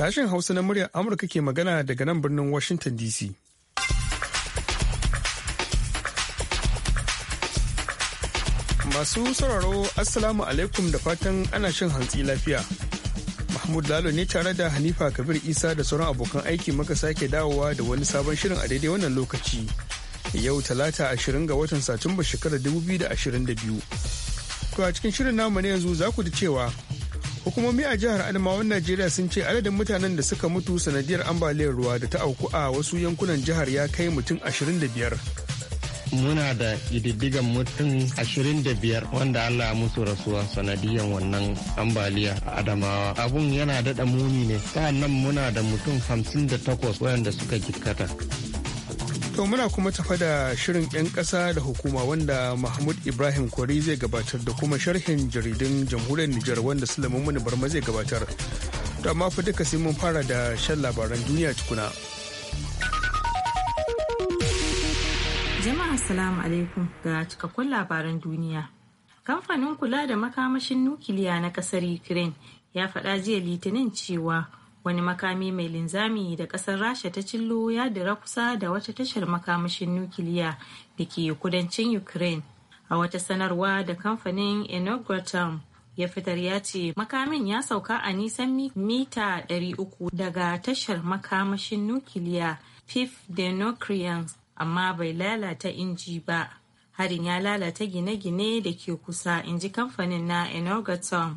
Sashen Hausa na muryar Amurka ke magana daga nan birnin Washington DC. Masu sauraro Assalamu alaikum da fatan ana shan hantsi lafiya. Mahmud Lalo ne tare da Hanifa Kabir Isa da sauran abokan aiki muka sake dawowa da wani sabon shirin a daidai wannan lokaci. Yau talata ashirin ga watan Satumba shekarar 2022. To a cikin shirin namu ne yanzu za ku ji cewa hukumomi a jihar adamawan najeriya sun ce adadin mutanen da suka mutu sanadiyar ambaliyar ruwa da ta auku a wasu yankunan jihar ya kai mutum 25 muna da ƙididdigan mutum 25 wanda Allah ya musu rasuwa sanadiyan wannan ambaliya a Adamawa. Abun yana daɗa muni ne. nan muna da mutum 58 wayanda suka jikkata. To muna kuma tafa da shirin 'yan ƙasa da hukuma wanda Mahmud Ibrahim Kwari zai gabatar da kuma sharhin jaridun jamhuriyar Nijar wanda Sulaiman Muni Barma zai gabatar. To amma fa duka sai mun fara da shan labaran duniya tukuna. Jama'a salamu alaikum ga cikakkun labaran duniya. Kamfanin kula da makamashin nukiliya na kasar Ukraine ya faɗa jiya Litinin cewa wani makami mai linzami da kasar rasha ta cillo ya dira kusa da wata tashar makamashin nukiliya da ke kudancin ukraine a wata sanarwa da kamfanin enogratom ya fitar ya ce makamin ya sauka a nisan mita 300 daga tashar makamashin nukiliya pif denocrians amma bai lalata inji ba harin ya lalata gine-gine da ke kusa inji kamfanin na enogratom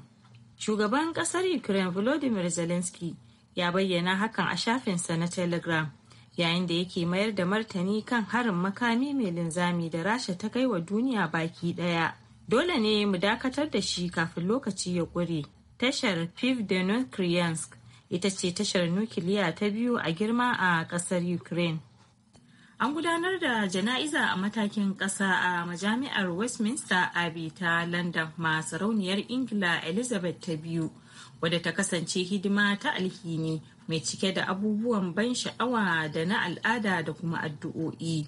shugaban kasar ukraine volodymyr zelensky ya bayyana hakan a shafinsa na telegram yayin da yake mayar da martani kan harin makami mai linzami da rasha ta kai wa duniya baki daya dole ne mu dakatar da shi kafin lokaci ya ƙure tashar piv de nukriyansk ita ce tashar nukiliya ta biyu a girma a ƙasar ukraine an gudanar da jana'iza a matakin ƙasa a majami'ar westminster abbey ta london ma sarauniyar ingila elizabeth ta biyu wadda ta kasance hidima ta alhini mai cike da abubuwan ban sha'awa da na al'ada da kuma addu'o'i.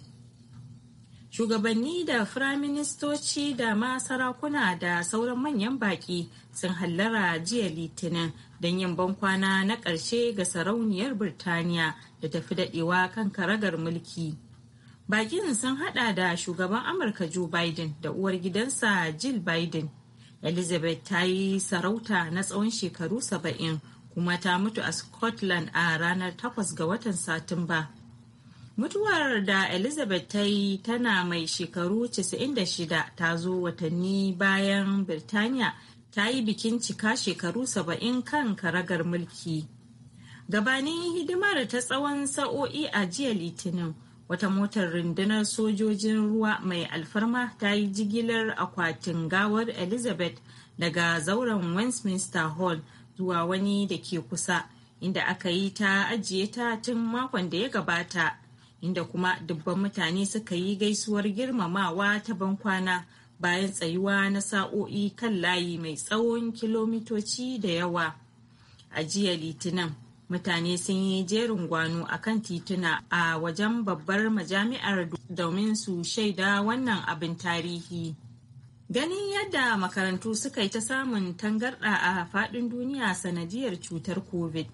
Shugabanni da firaministoci da ma sarakuna da sauran manyan baƙi sun hallara jiya litinin don yin bankwana na ƙarshe ga sarauniyar Birtaniya da tafi daɗewa kan karagar mulki. Bakin sun hada da shugaban Amurka Joe Biden da uwar gidansa Jill Biden elizabeth ta yi sarauta na tsawon shekaru saba'in kuma ta mutu a scotland a ranar 8 ga watan satumba mutuwar da elizabeth ta yi tana mai shekaru 96 ta zo watanni bayan birtaniya ta yi bikin cika shekaru saba'in kan karagar mulki gabanin hidimar ta tsawon sa'o'i a jiya litinin wata motar rundunar sojojin ruwa mai alfarma ta yi jigilar akwatin gawar elizabeth daga zauren westminster hall zuwa wani da ke kusa inda aka yi ta ajiye ta tun makon da ya gabata inda kuma dubban mutane suka yi gaisuwar girmamawa ta bankwana bayan tsayuwa na sa'o'i kan layi mai tsawon kilomitoci da yawa a jiya litinin mutane sun yi jerin gwano a kan tituna a wajen babbar majami'ar domin su shaida wannan abin tarihi ganin yadda makarantu suka yi ta samun tangarɗa a faɗin duniya sanadiyar cutar covid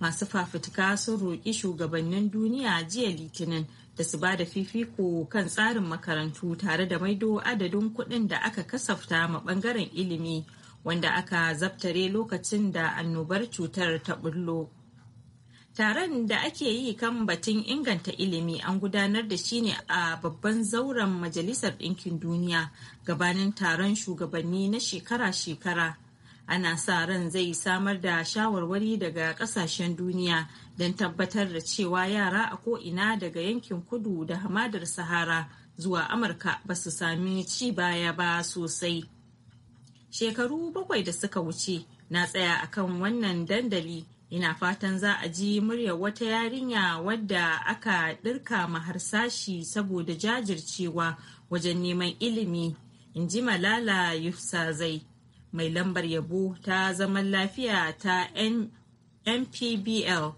masu fafutuka sun roƙi shugabannin duniya jiya litinin da su ba da fifiko kan tsarin makarantu tare da maido adadin kuɗin da aka kasafta ma ɓangaren ilimi wanda aka zabtare lokacin da annobar cutar ta ɓullo. Taron da ake yi kan batun inganta ilimi an gudanar da shi ne a babban zauren Majalisar Ɗinkin Duniya gabanin taron shugabanni na shekara-shekara. Ana sa ran zai samar da shawarwari daga ƙasashen duniya don tabbatar da cewa yara a ko'ina daga yankin kudu da hamadar Sahara zuwa Amurka ba su sami ci baya ba sosai. Shekaru bakwai da suka wuce na tsaya akan wannan dandali ina fatan za a ji murya wata yarinya wadda aka ɗirka harsashi saboda jajircewa wajen neman ilimi in ji malala yusazai mai lambar yabo ta zaman lafiya ta npbl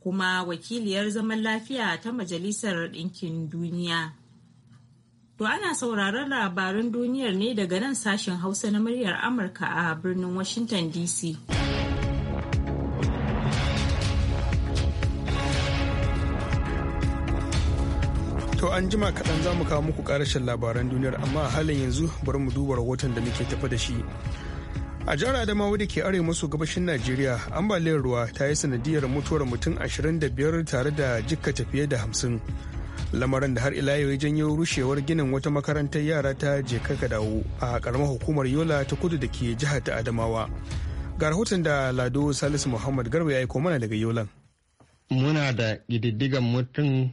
kuma wakiliyar zaman lafiya ta majalisar ɗinkin duniya to ana sauraron labarin duniyar ne daga nan sashen hausa na muryar amurka a birnin washington dc an jima kaɗan za mu kawo muku ƙarashin labaran duniyar amma a halin yanzu bari mu duba rahoton da muke tafi da shi. A jihar Adamawa da ke arewa maso gabashin Najeriya ambaliyar ruwa ta yi sanadiyar mutuwar mutum ashirin da biyar tare da jikkata fiye da hamsin Lamarin da har ila yau janyo rushewar ginin wata makarantar yara ta jekaka dawo a karamar hukumar Yola ta kudu da ke jihar ta Adamawa. Ga rahoton da Lado Salisu Muhammad Garba ya aiko mana daga Yolan. muna da ƙididdigan mutum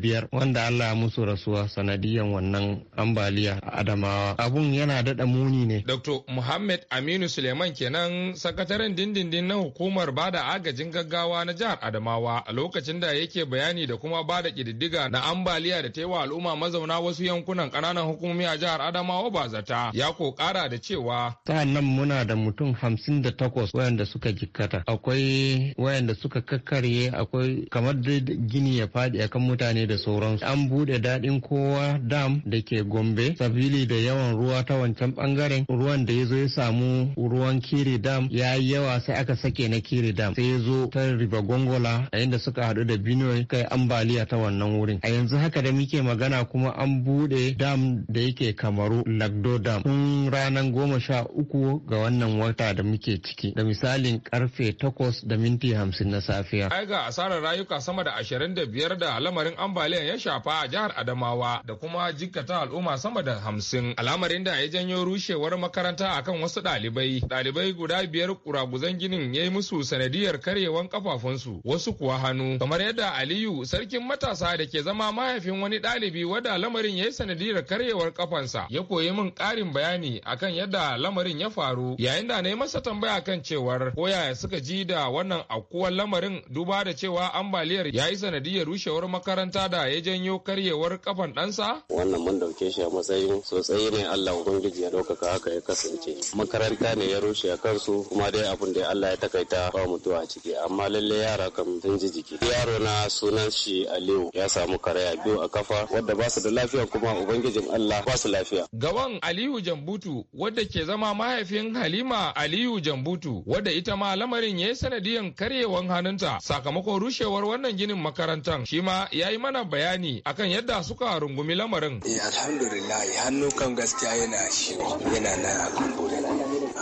biyar. wanda Allah ya musu rasuwa sanadiyan wannan ambaliya a Adamawa. Abun yana daɗa muni ne. Dr. Muhammad Aminu Suleiman kenan sakataren dindindin na hukumar bada agajin gaggawa na jihar Adamawa a lokacin da yake bayani da kuma bada ƙididdiga na ambaliya da ta yi wa al'umma mazauna wasu yankunan ƙananan hukumomi a jihar Adamawa ba zata ya ko ƙara da cewa. Sa'an muna da mutum 58 wayanda suka jikkata. Akwai wayanda suka kakkarye akwai kamar da gini ya faɗi kan mutane da sauransu an buɗe daɗin kowa dam da ke gombe sabili da yawan ruwa ta wancan bangaren ruwan da ya zo ya samu ruwan kiri dam ya yi yawa sai aka sake na kiri dam sai ya zo ta riba gongola a inda suka haɗu da binoy kai ambaliya ta wannan wurin a yanzu haka da muke magana kuma an buɗe dam da yake kamaru lagdo dam tun ranar goma sha uku ga wannan wata da muke ciki da misalin karfe takwas da minti hamsin na safiya asarar rayuka sama da ashirin da biyar da lamarin ambaliyan ya shafa a jihar Adamawa da kuma jikkata al'umma sama da hamsin. Al'amarin da ya janyo rushewar makaranta akan wasu ɗalibai. Ɗalibai guda biyar kuraguzan ginin ya yi musu sanadiyar karyewan kafafunsu wasu kuwa hannu. Kamar yadda Aliyu sarkin matasa da ke zama mahaifin wani ɗalibi wadda lamarin ya yi sanadiyar karyewar kafansa ya koyi min ƙarin bayani akan yadda lamarin ya faru yayin da na yi masa tambaya kan cewar koyaya suka ji da wannan akuwar lamarin duba da cewa ambaliyar ya yi sanadiyar rushewar makaranta da ya janyo karyewar kafan ɗansa? Wannan mun dauke shi a matsayin sosai ne Allah Ubangiji ya ɗaukaka haka ya kasance. Makaranta ne ya rushe a kansu kuma dai abin da Allah ya takaita ba mutuwa a ciki amma lalle yara kan sun ji jiki. Yaro na sunan shi Aliyu ya samu karaya biyu a kafa wadda ba su da lafiya kuma Ubangijin Allah ba su lafiya. Gaban Aliyu Jambutu wadda ke zama mahaifin Halima Aliyu Jambutu wadda ita ma lamarin ya yi sanadiyan karyewar hannunta sakamakon ko rushewar wannan ginin makarantar shi ma ya yi mana bayani akan yadda suka rungumi lamarin. Eh, alhamdulillah hannu kan gaskiya yana shi yana nan a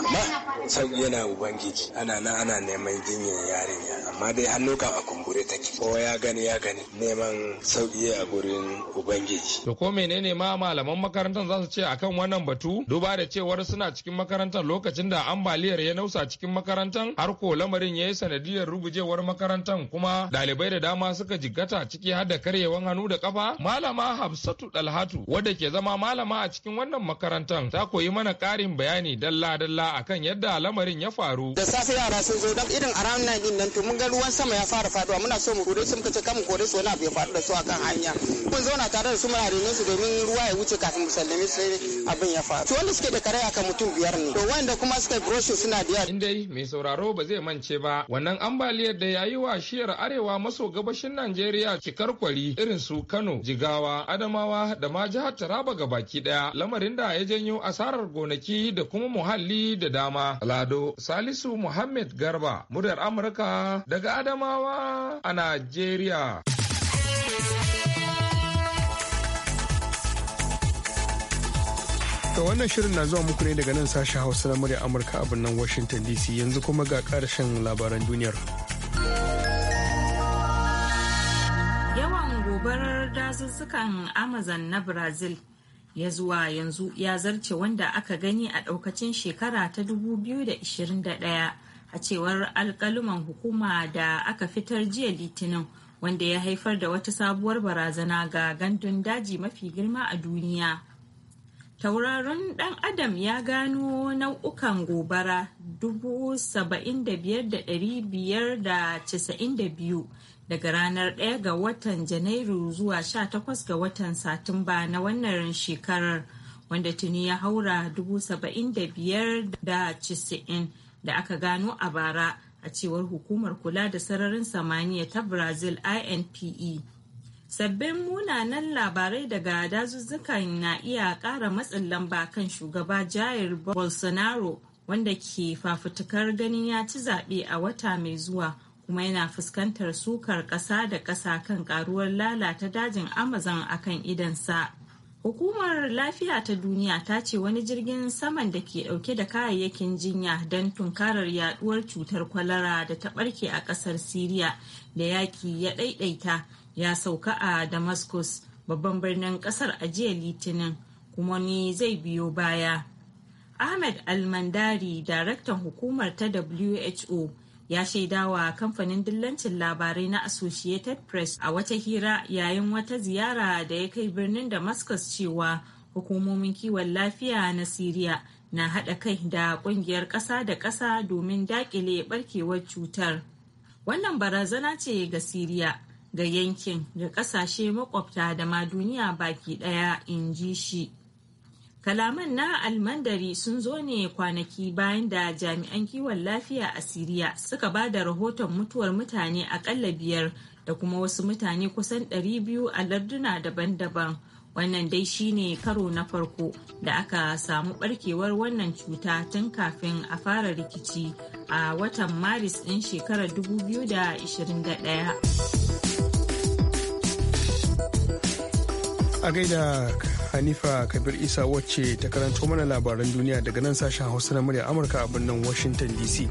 amma sau yana ubangiji ana nan ana neman jinyar yarinya amma dai hannu kan a gure take kowa ya gani ya gani neman sauki a gurin ubangiji to ko menene ma malaman makarantar zasu ce akan wannan batu duba da cewar suna cikin makarantar lokacin da ambaliyar ya nausa cikin makarantar har ko lamarin yayi yi sanadiyar rubujewar makarantar kuma ɗalibai da dama suka jiggata ciki har da karyewan hannu da kafa malama hafsatu dalhatu wadda ke zama malama a cikin wannan makarantar ta koyi mana karin bayani dalla-dalla akan yadda lamarin ya faru da safe yara sun zo don irin around nan to mun ga ruwan sama ya fara faduwa muna so mu kore su muka ce kamun kore su wani abu ya faru da su akan hanya mun zauna tare da su muna rene su domin ruwa ya wuce kafin mu sallame su abin ya faru to wanda suke da karaya kan mutum biyar ne to wanda kuma suka brosho suna da in indai mai sauraro ba zai mance ba wannan ambaliyar da yayi wa shiyar arewa maso gabashin Najeriya cikar kwari irin su Kano Jigawa Adamawa da ma jihar Taraba ga baki daya lamarin da ya janyo asarar gonaki da kuma muhalli da dama Lado Salisu Muhammad Garba muryar Amurka daga Adamawa a Najeriya. ga wannan shirin na zuwa muku ne daga nan sashi Hausa na murya Amurka a birnin Washington DC yanzu kuma ga karshen labaran duniyar. Yawan gobarar dazuzzukan Amazon na Brazil ya zuwa yanzu ya zarce wanda aka gani a ɗaukacin shekara ta 2021 a cewar alkaluman hukuma da aka fitar jiya litinin wanda ya haifar da wata sabuwar barazana ga gandun daji mafi girma a duniya tauraron dan adam ya gano nau'ukan gobara 75,592 daga ranar 1 ga watan janairu zuwa 18 ga watan satumba na wannan shekarar wanda tuni ya haura 75,090 da aka gano a bara a cewar hukumar kula da sararin samaniya ta brazil inpe sabbin munanan labarai daga dazuzzukan na iya kara matsin lamba kan shugaba jair bolsonaro wanda ke fafutukar ganin ya ci zaɓe a wata mai zuwa kuma yana fuskantar sukar ƙasa da ƙasa kan ƙaruwar lalata dajin amazon akan idansa Hukumar Lafiya ta Duniya ta ce wani jirgin saman da ke dauke da kayayyakin jinya don tunkarar yaduwar cutar kwalara da ta barke a kasar Siriya da yaki ya ɗaiɗaita ya sauka a Damascus babban birnin kasar a jiya Litinin kuma ni zai biyo baya. Ahmed Almandari, daraktan hukumar ta WHO ya shaidawa kamfanin dillancin labarai na associated press a wata hira yayin wata ziyara da ya kai birnin damascus cewa hukumomin kiwon lafiya na syria na haɗa kai da ƙungiyar ƙasa da ƙasa domin daƙile ɓarkewar cutar wannan barazana ce ga syria ga yankin ga ƙasashe makwabta da ma duniya baki ɗaya in ji shi Kalaman na almandari sun zo ne kwanaki bayan da jami'an kiwon lafiya a Siriya suka ba da rahoton mutuwar mutane akalla biyar da kuma wasu mutane kusan 200 a larduna daban-daban. Wannan dai shine karo na farko da aka samu barkewar wannan cuta tun kafin a fara rikici a watan Maris ɗin shekarar 2021. A gaida Hanifa Kabir Isa wacce ta karanto mana labaran duniya daga nan sashen Hausa na murya Amurka a birnin Washington DC.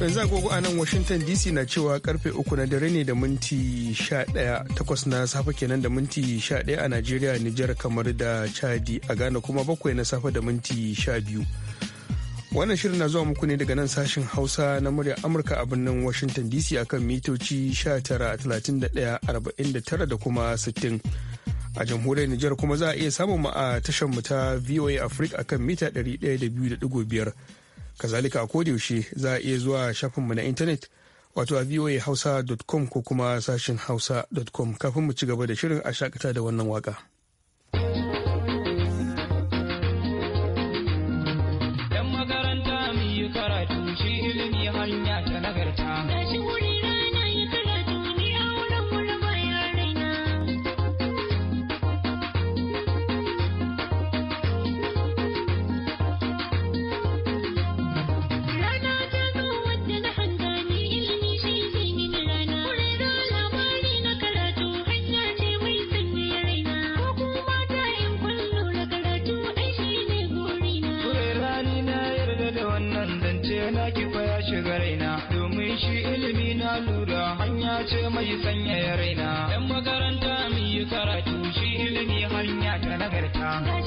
yanzu agogo a nan washington dc na cewa karfe uku na dare ne da minti ɗaya takwas na safe kenan da minti 11 a najeriya nijar kamar da chadi a ghana kuma bakwai na safe da minti 12 Wannan shirin na zuwa muku ne daga nan sashen Hausa na muryar Amurka a birnin Washington DC akan mitoci 19,31,49 da kuma 60. A jamhuriyar Nijar kuma za a iya samun mu a tashar mu ta VOA Africa akan mita 102.5. Kazalika a yaushe za a iya zuwa shafin mu na intanet wato a voahausa.com ko kuma sashen hausa.com kafin mu ci gaba da shirin a shakata da wannan waka. shi ilimi hanya ta nagarta ce mai sanya ya raina. Yan makaranta mu yi karatu shi ilimi hanya ta nagarta.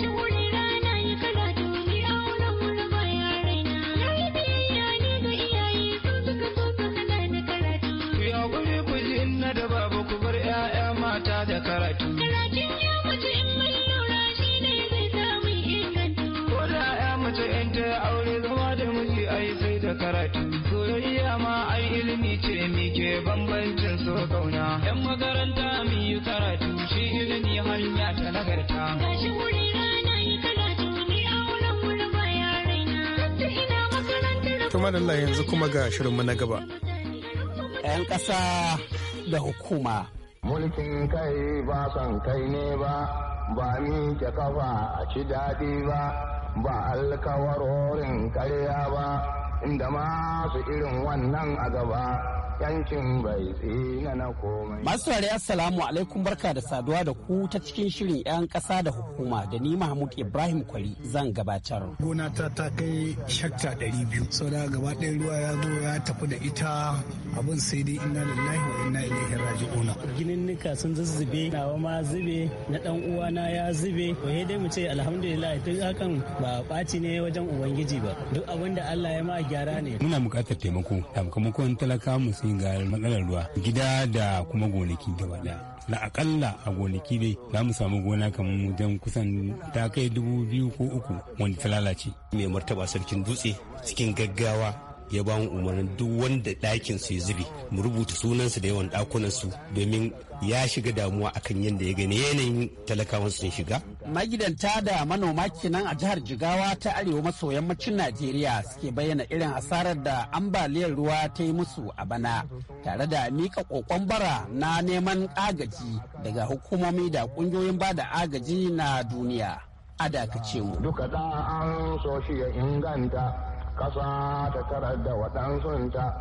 madalla yanzu kuma ga shirinmu na gaba. 'Yan ƙasa da hukuma. Mulkin kai ba son kai ne ba, ba mi ke kafa a ci daɗi ba, ba alkawarorin karya ba, inda masu irin wannan a gaba. yancin bai tsina na komai. Masu saurari assalamu alaikum barka da saduwa da ku ta cikin shirin 'yan ƙasa da hukuma da ni Mahmud Ibrahim Kwari zan gabatar. Gona ta ta kai shakta ɗari biyu. Sau da gaba ɗaya ruwa ya zo ya tafi da ita abin sai dai inna lillahi wa inna ilaihi Ginin Gininnika sun zuzzube nawa ma zube na ɗan uwana ya zube. Ko dai mu ce alhamdulillah duk hakan ba ɓaci ne wajen ubangiji ba. Duk abin da Allah ya ma gyara ne. Muna buƙatar taimako. Taimakon talakawa mu sai domin ga matsalar ruwa gida da kuma gonaki gaba daya na akalla a gonaki dai za mu samu gona kamar wajen kusan ta kai dubu biyu ko uku wanda ta lalace mai martaba sarkin dutse cikin gaggawa ya ba mu umarnin duk wanda ɗakin su ya zube mu rubuta sunansu da yawan ɗakunan su domin ya shiga damuwa akan yadda ya gani yanayin talakawan sun shiga. Magidanta da manoma kenan a jihar Jigawa ta arewa maso yammacin Najeriya suke bayyana irin asarar da ambaliyar ruwa ta yi musu a bana tare da mika kokon bara na neman agaji daga hukumomi da kungiyoyin bada agaji na duniya. A dakace mu. Duka da an so shi ya inganta ƙasa ta tarar da waɗansunta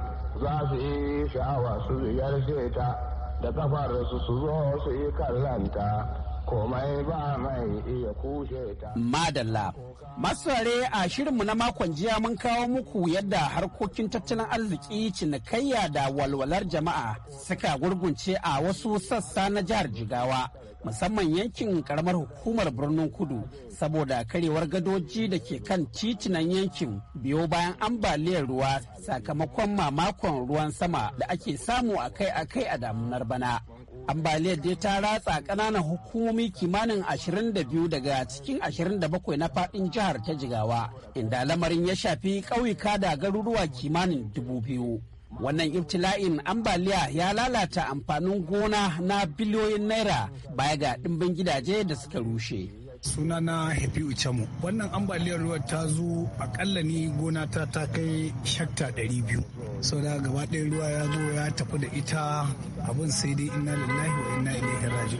za su yi sha'awa su ziyarce ta da kafar su su zo su yi kallanta komai ba mai iya kushe ta. Madalla. Masare a shirinmu na makon jiya mun kawo muku yadda harkokin tattalin arziki cinikayya da walwalar jama'a suka gurgunce a wasu sassa na jihar Jigawa. musamman yankin karamar hukumar birnin kudu saboda karewar gadoji da ke kan titunan yankin biyo bayan ambaliyar ruwa sakamakon mamakon ruwan sama da ake samu akai-akai a damunar bana ambaliyar dai ta ratsa ƙananan hukumomi kimanin 22 daga cikin 27 na faɗin jihar ta jigawa inda lamarin ya shafi ƙauyuka da garuruwa kimanin 2000 wannan ibtila'in ambaliya ya lalata amfanin gona na biliyoyin naira baya ga ɗimbin gidaje da suka rushe sunana Hefi Uchamo. Wannan ambaliyar ruwa ta zo akalla ne gona ta ta kai shakta ɗari biyu. Sau da gaba ɗaya ruwa ya zo ya tafi da ita abin sai dai inna lillahi wa inna ilaihi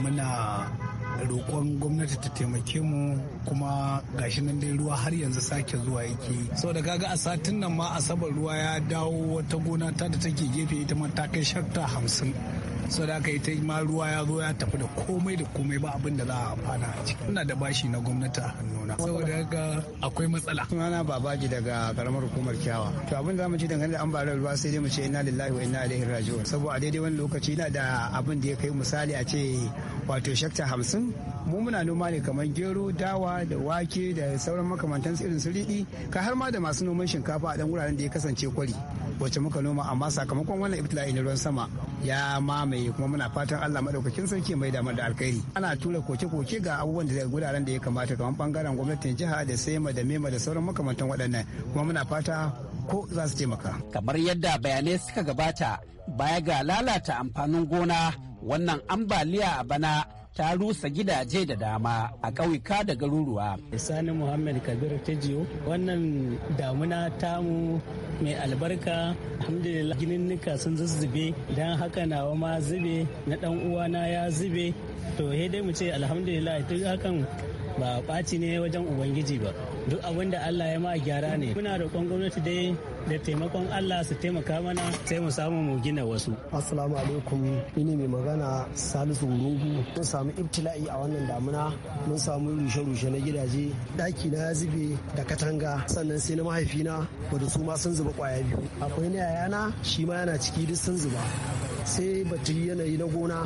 Muna roƙon gwamnati ta taimake mu kuma gashi nan dai ruwa har yanzu sake zuwa yake da kaga a satin nan ma asabar ruwa ya dawo wata gona ta da take gefe ita ma ta kai shakta hamsin sau da aka yi ma ruwa ya zo ya tafi da komai da komai ba abin da za a amfana a ciki ina da bashi na gwamnati a hannuna saboda haka akwai matsala sunana babaji daga karamar hukumar kyawa to abin da mu ci dangane da ambaliyar ruwa sai dai mu ce inna lillahi wa inna ilaihi raji'un saboda a daidai wani lokaci yana da abin da ya kai misali a ce wato shakta hamsin mu muna noma ne kamar gero dawa da wake da sauran makamantan irin su riɗi ka har ma da masu noman shinkafa a ɗan wuraren da ya kasance kwari wacce muka noma amma sakamakon wannan ibtila'i na ruwan sama ya mamaye kuma muna fatan Allah madaukakin sarki mai damar da alkhairi ana tura koke-koke ga abubuwan da guraren da ya kamata kamar bangaren gwamnatin jiha da sema da mema da sauran makamantan waɗannan kuma muna fata ko za su taimaka. Kamar yadda bayanai suka gabata baya ga lalata amfanin gona wannan ambaliya a bana ta rusa gidaje da dama a ƙauyuka da garuruwa. Sani Muhammad Kabir jiyo wannan damuna tamu mai albarka alhamdulillah gininnika sun zuzzube don haka nawa ma zube na dan uwana ya zube to dai mu ce alhamdulillah ita hakan ba ɓaci ne wajen ubangiji ba duk abin da allah ya ma gyara ne muna roƙon gwamnati dai da taimakon allah su taimaka mana sai mu samu mu gina wasu assalamu alaikum ni mai magana salisu rungu mun samu ibtila'i a wannan damuna mun samu rushe-rushe na gidaje ɗaki na ya zube da katanga sannan sai na mahaifina wanda su ma sun zuba kwaya biyu akwai na yayana shi ma yana ciki duk sun zuba sai batun yanayi na gona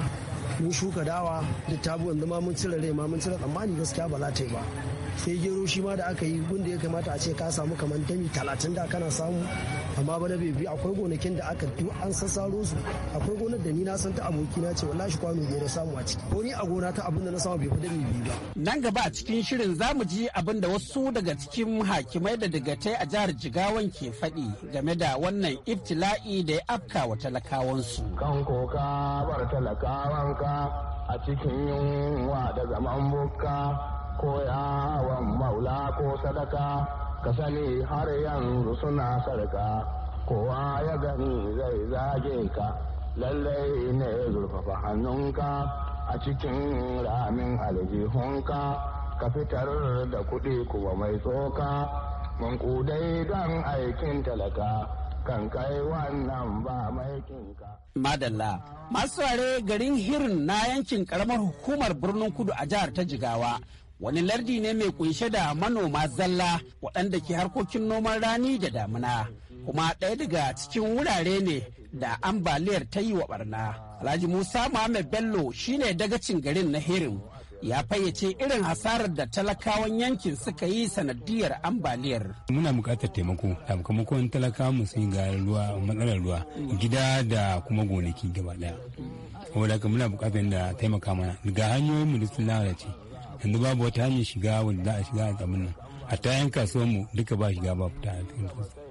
mun shuka dawa da tabu yanzu ma mun cire rai ma mun cire tsammani gaskiya ba za ta yi ba sai gero shi ma da aka yi gunda ya kamata a ce ka samu kamar tami talatin da kana samu amma bana bai bebe akwai gonakin da aka duk an sassaro su akwai gonar da ni na san ta abokina ce wallahi kwano biyar na samu a ciki ko ni a gona ta abin da na samu bai fada ni biyu ba. nan gaba a cikin shirin za mu ji abin da wasu daga cikin hakimai da dagatai a jihar jigawan ke faɗi game da wannan iftila'i da ya afka wa talakawansu. kan koka bar ka a cikin yunwa da zaman bukka ko yawon maula ko sadaka ka sani har yanzu suna sarka kowa ya gani zai zage ka lallai ne zurfafa hannunka a cikin ramin aljihunka ka fitar da kuɗi kuma mai tsoka mankudai don aikin talaka kan kai wannan ba maikinka. Madalla, masu ware garin hirin na yankin ƙaramar hukumar birnin kudu a jihar ta jigawa wani lardi ne mai kunshe da manoma zalla waɗanda ke harkokin noman rani da damina kuma ɗaya daga cikin wurare ne da ambaliyar ta yi wa barna alhaji musa muhammad bello shine dagacin garin na herin ya fayyace irin hasarar da talakawan yankin suka yi sanadiyar ambaliyar. Muna buƙatar taimako, sakamakon talakawa musu sun ga ruwa matsalar ruwa gida da kuma gonaki gaba daya Wadda muna bukatar da taimaka mana ga hanyoyin mu sun lalace. yanzu babu wata hanyar shiga wanda za a shiga a gaban nan a ta yan kasuwar mu duka ba shiga ba fita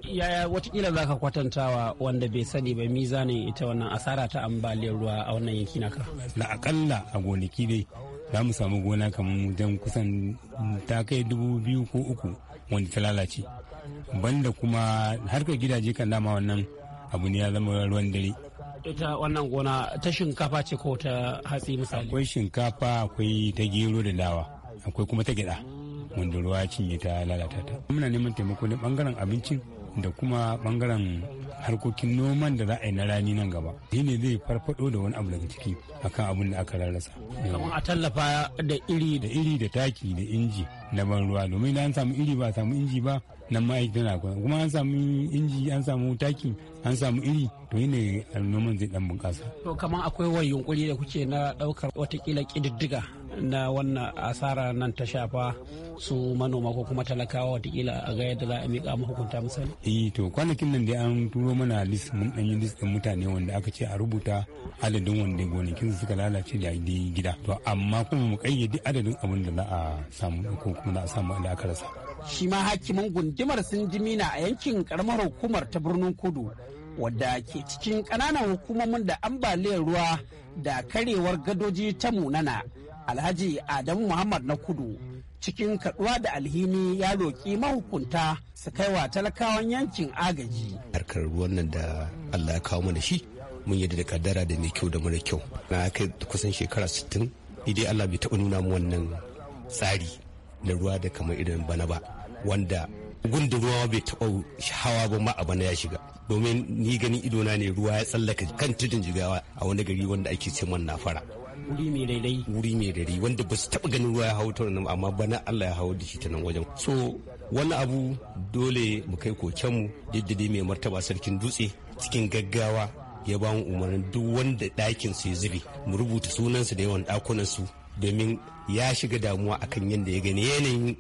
yaya watakila za ka kwatantawa wanda bai sani ba zanen ita wannan asara ta ambaliyar ruwa a wannan yanki naka na akalla a gonaki dai za mu samu gona kamar dan kusan ta kai dubu biyu ko uku wanda ta lalace banda kuma harkar gidaje kan dama wannan abu ne ya zama ruwan dare ita wannan gona ta shinkafa ce ko ta hatsi misali akwai shinkafa akwai ta gero da dawa akwai kuma ta gida wanda ruwa cinye ta lalata ta muna neman taimako ne bangaren abincin da kuma bangaren harkokin noman da za a yi na rani nan gaba shi ne zai farfado da wani abu daga ciki akan abin da aka rarrasa kamar a tallafa da iri da iri da taki da inji na ban ruwa domin da an samu iri ba a samu inji ba nan ma'aikata na kuma an samu inji an samu taki an samu iri to ne eh, noman zai dan bunƙasa. To kamar akwai wani yunkuri da kuke na ɗaukar watakila ƙididdiga na wannan asara nan ta shafa su manoma ko kuma talakawa watakila a ga yadda za a miƙa hukunta misali. Eh to kwanakin nan dai an turo mana list mun dan yi list ɗin mutane wanda aka ce a rubuta adadin wanda gonakin suka lalace da gida. To amma kuma mu ƙayyade adadin abin da za a samu ko kuma za a samu da aka rasa. shi ma hakimin gundumar sindimina a yankin karamar hukumar ta birnin kudu wadda ke cikin ƙananan hukumomin da ambaliyar ruwa da karewar gadoji ta munana alhaji adamu muhammad na kudu cikin kaduwa da alhini ya roƙi mahukunta su kai wa talakawan yankin agaji harkar ruwan nan da allah ya kawo mana shi mun yi da kaddara da mai kyau da mara kyau na kai kusan shekara 60 idai allah bai taɓa nuna mu wannan tsari na ruwa da kamar irin bana ba wanda gunda ruwa bai taɓa hawa ba ma a bana ya shiga domin ni ganin idona ne ruwa ya tsallaka kan tudun jigawa a wani gari wanda ake ce man na fara wuri mai daidai wuri mai daidai wanda ba su taɓa ganin ruwa ya hau ta nan amma bana Allah ya hau da shi ta nan wajen so wani abu dole mu kai kokenmu yadda dai mai martaba sarkin dutse cikin gaggawa ya ba mu umarnin duk wanda ɗakin su ya zube mu rubuta sunansu da yawan ɗakunansu domin ya shiga damuwa akan yadda ya gani yanayin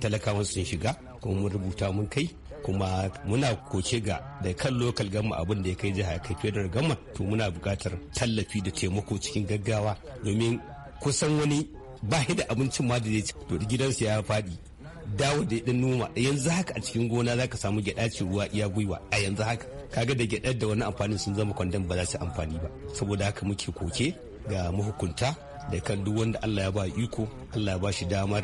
talakawan sun shiga kuma mun rubuta mun kai kuma muna koke ga da kan lokal gama abin da ya kai jiha kai federal gama to muna buƙatar tallafi da taimako cikin gaggawa domin kusan wani ba shi da abincin ma da zai to gidansa ya faɗi dawo da ɗan noma yanzu haka a cikin gona zaka samu gyaɗa ce ruwa iya gwiwa a yanzu haka kaga da gyaɗar da wani amfani sun zama kwandon ba za su amfani ba saboda haka muke koke ga mahukunta da kan duk wanda Allah ya ba iko Allah ya ba shi damar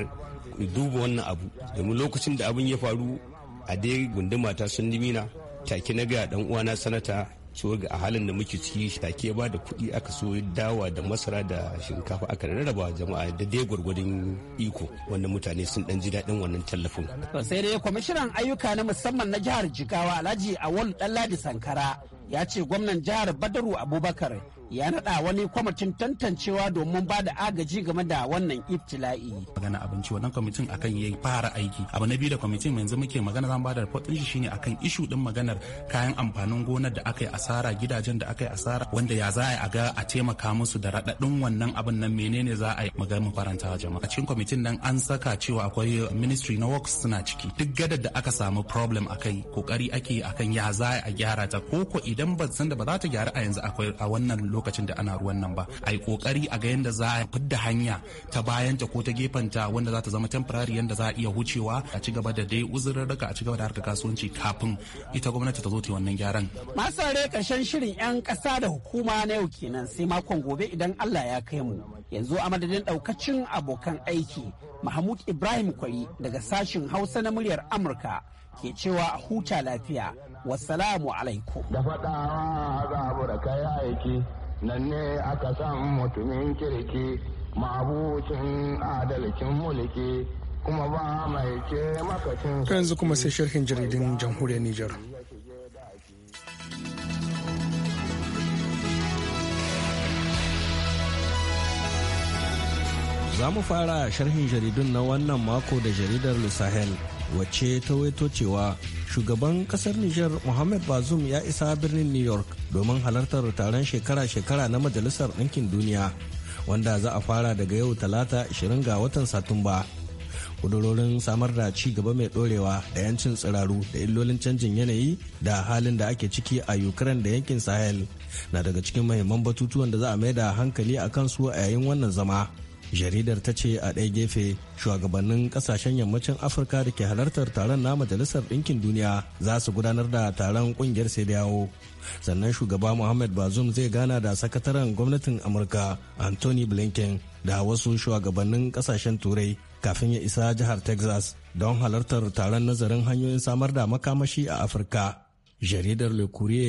duba wannan abu domin lokacin da abin ya faru a dai gunduma ta sun nimina take na ga dan uwana sanata cewa ga a halin da muke ciki take ba da kuɗi aka so dawa da masara da shinkafa aka rarraba jama'a da dai gwargwadon iko wanda mutane sun dan ji daɗin wannan tallafin. sai dai kwamishinan ayyuka na musamman na jihar jigawa alhaji awol ɗanladi sankara ya ce gwamnan jihar Badaru Abubakar ya naɗa wani kwamitin tantancewa domin ba da agaji game da wannan ibtila'i. Magana abinci wannan kwamitin akan ya fara aiki. Abu na biyu da kwamitin yanzu muke magana zan ba da report shi shine akan ishu din maganar kayan amfanin gonar da aka yi asara gidajen da aka yi asara wanda ya za a ga a taimaka musu da raɗaɗin wannan abin nan menene za a yi magana mu faranta jama'a. A cikin kwamitin nan an saka cewa akwai ministry na works suna ciki. Duk gadar da aka samu problem akai kokari ake akan ya za a gyara ta ko ko idan ba san da ba za ta gyara a yanzu akwai a wannan lokacin da ana ruwan nan ba a yi kokari a ga yadda za a fidda hanya ta bayanta ko ta gefenta wanda za ta zama temporary yadda za a iya hucewa a ci gaba da dai uzurrarraka a ci gaba da harkar kasuwanci kafin ita gwamnati ta zo ta yi wannan gyaran. masu rai karshen shirin 'yan ƙasa da hukuma na yau kenan sai makon gobe idan Allah ya kai mu yanzu a madadin ɗaukacin abokan aiki mahmud ibrahim kwari daga sashin hausa na muryar amurka ke cewa huta lafiya wassalamu alaikum da faɗawa za abu da kai aiki nan ne aka san mutumin kirki mabucin adalcin mulki kuma ba mai ce makacin yanzu kuma sai sharhin jaridin jamhuriyar Nijar. Za mu fara sharhin jaridun na wannan mako da jaridar Lusahel. wacce ta waito cewa shugaban kasar Nijar Mohamed Bazoum ya isa birnin New York domin halartar taron shekara-shekara na Majalisar Ɗinkin Duniya wanda za a fara daga yau talata 20 ga watan Satumba. Kudurorin samar da ci gaba mai ɗorewa da 'yancin tsiraru da illolin canjin yanayi da halin da ake ciki a Ukraine da yankin Sahel na daga cikin mahimman batutuwan da za a mai da hankali a kansu a yayin wannan zama. jaridar ta ce a ɗaya gefe shugabannin ƙasashen yammacin afirka da ke halartar taron na majalisar ɗinkin duniya za su gudanar da taron ƙungiyar sai yawo sannan shugaba muhammad bazum zai gana da sakataren gwamnatin amurka anthony blinken da wasu shugabannin ƙasashen turai kafin ya isa jihar texas don halartar taron nazarin hanyoyin samar da makamashi a afirka jaridar le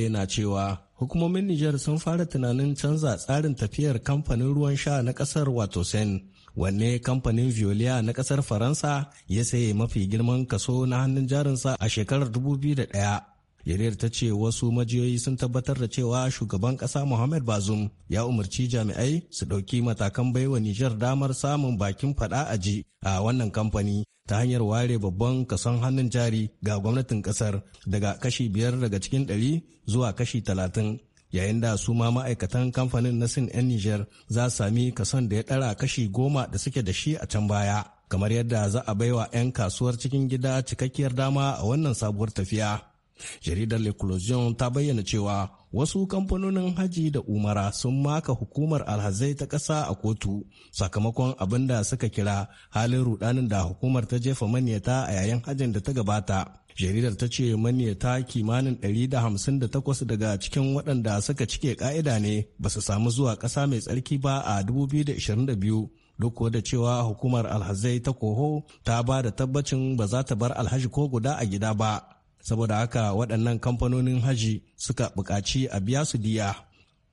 na cewa hukumomin Nijar sun fara tunanin canza tsarin tafiyar kamfanin ruwan sha na kasar wato Sen. Wanne kamfanin Violia na kasar Faransa ya saye mafi girman kaso na hannun jarinsa a shekarar 2001. Yariyar ta ce wasu majiyoyi sun tabbatar da cewa shugaban kasa mohammed Bazum ya umarci jami'ai su ɗauki matakan baiwa Nijar damar samun bakin fada a ji a wannan kamfani ta hanyar ware babban kason hannun jari ga gwamnatin kasar daga kashi biyar daga cikin ɗari zuwa kashi talatin yayin da su ma ma'aikatan kamfanin na sin 'yan Nijar za sami kason da ya ɗara kashi goma da suke da shi a can baya. Kamar yadda za a baiwa 'yan kasuwar cikin gida cikakkiyar dama a wannan sabuwar tafiya. jaridar l'eclosion ta bayyana cewa wasu kamfanonin haji da umara sun maka hukumar alhazai ta ƙasa a kotu sakamakon abin da suka kira halin rudanin da hukumar ta jefa manyata a yayin hajin da ta gabata jaridar ta ce manyata kimanin 158 daga cikin waɗanda suka cike ƙa'ida ne ba su samu zuwa ƙasa mai tsarki ba a 2022 duk da cewa hukumar alhazai ta koho ta ba da tabbacin ba za ta bar alhaji ko guda a gida ba saboda haka waɗannan kamfanonin haji suka buƙaci a biya su diya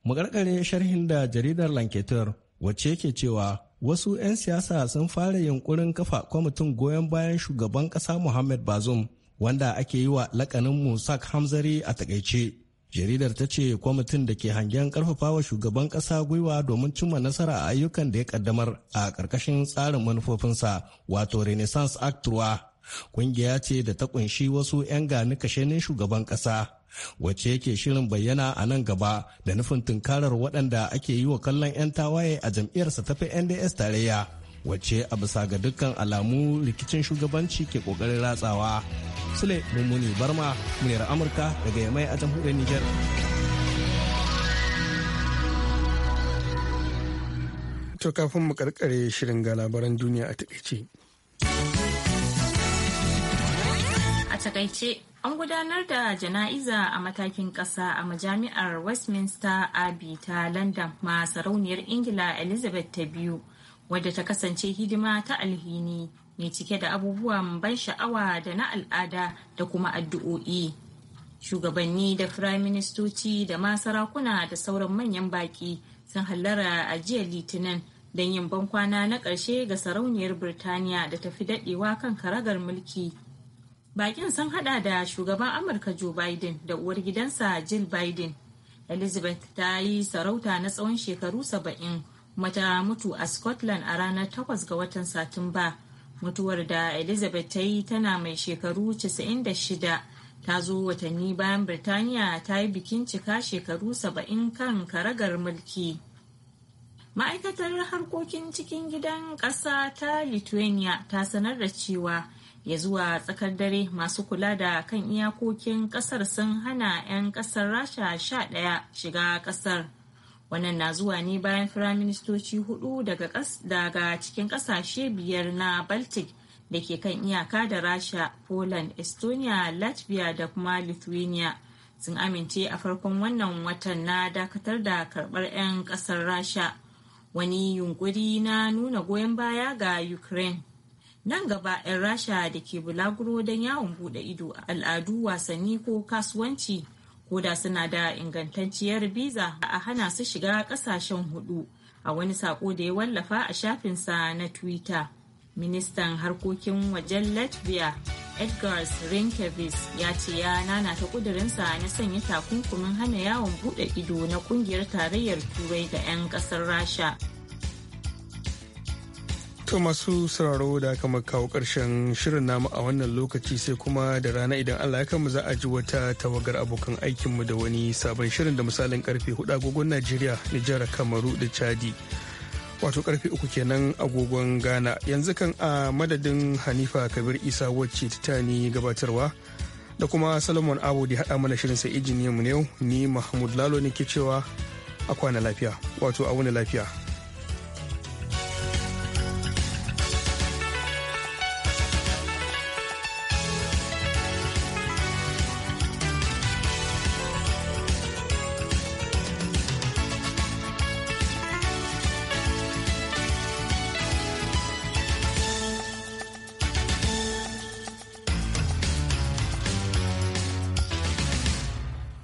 magargare sharhin da jaridar lanketer wacce ke cewa wasu 'yan siyasa sun fara yunkurin kafa kwamitin goyon bayan shugaban ƙasa muhammad bazum wanda ake yi wa lakanin musak hamzari a takaice jaridar ta ce kwamitin da ke hangen ƙarfafawa shugaban ƙasa gwiwa domin cimma nasara a ayyukan da ya ƙaddamar a ƙarƙashin tsarin manufofinsa wato renaissance act 3 Kungiya ce da ta kunshi wasu 'yan gani kashenin shugaban kasa wacce yake shirin bayyana a nan gaba da nufin tunkarar waɗanda ake yi wa kallon 'yan tawaye a jam'iyyarsa fi NDS tarayya, wacce a bisa ga dukkan alamu rikicin shugabanci ke ƙoƙarin ratsawa. Sule Mummuni Barma, muniyar Amurka daga Yamai a jamhuriyar Nijar. To kafin mu karkare shirin ga labaran duniya a takaice. takaice an gudanar da jana'iza a matakin ƙasa a majami'ar westminster abbey ta london ma sarauniyar ingila elizabeth ta biyu wadda ta kasance hidima ta alhini mai cike da abubuwan ban sha'awa da na al'ada da kuma addu'o'i shugabanni da firaministoci da ma sarakuna da sauran manyan baki sun hallara a jiya litinin don yin bankwana na ƙarshe ga sarauniyar birtaniya da ta fi daɗewa kan karagar mulki Bakin sun hada da shugaban Amurka Joe Biden da uwar gidansa Jill Biden. Elizabeth ta yi sarauta na tsawon shekaru saba'in mata mutu a Scotland a ranar takwas ga watan Satumba. Mutuwar da Elizabeth ta yi tana mai shekaru 96 ta zo watanni bayan Birtaniya ta yi bikin cika shekaru saba'in kan karagar mulki. Ma'aikatar harkokin cikin gidan ƙasa ta Lithuania ta sanar da cewa ya zuwa tsakar dare masu kula da kan iyakokin kasar sun hana 'yan kasar rasha sha ɗaya shiga kasar wannan na zuwa ne bayan firaministoci hudu daga cikin kasashe biyar na baltic da ke kan iyaka da rasha poland estonia latvia da kuma lithuania sun amince a farkon wannan watan na dakatar da karbar 'yan kasar rasha wani yunkuri na nuna goyon baya ga ukraine nan gaba 'yan rasha da ke bulaguro don yawon bude ido a al'adu wasanni ko kasuwanci ko da suna da ingantacciyar biza a hana su shiga kasashen hudu a wani sako da ya wallafa a shafinsa na twitter ministan harkokin wajen latvia edgar rinkevis ya ce ya nanata kudurinsa na sanya takunkumin hana yawon bude ido na kungiyar tarayyar turai ga 'yan kasar rasha To masu sauraro da aka kawo karshen shirin namu a wannan lokaci sai kuma da rana idan Allah ya kama za a ji wata tawagar abokan aikinmu da wani sabon shirin da misalin karfe 4 agogon Najeriya, Nijar, Kamaru da Chadi. Wato karfe uku kenan agogon Ghana yanzu kan a madadin Hanifa Kabir Isa wacce ta tani gabatarwa da kuma Solomon Abu da haɗa mana shirin sai injiniyan mu ne ni Mahmud Lalo ne ke cewa a kwana lafiya wato a wuni lafiya.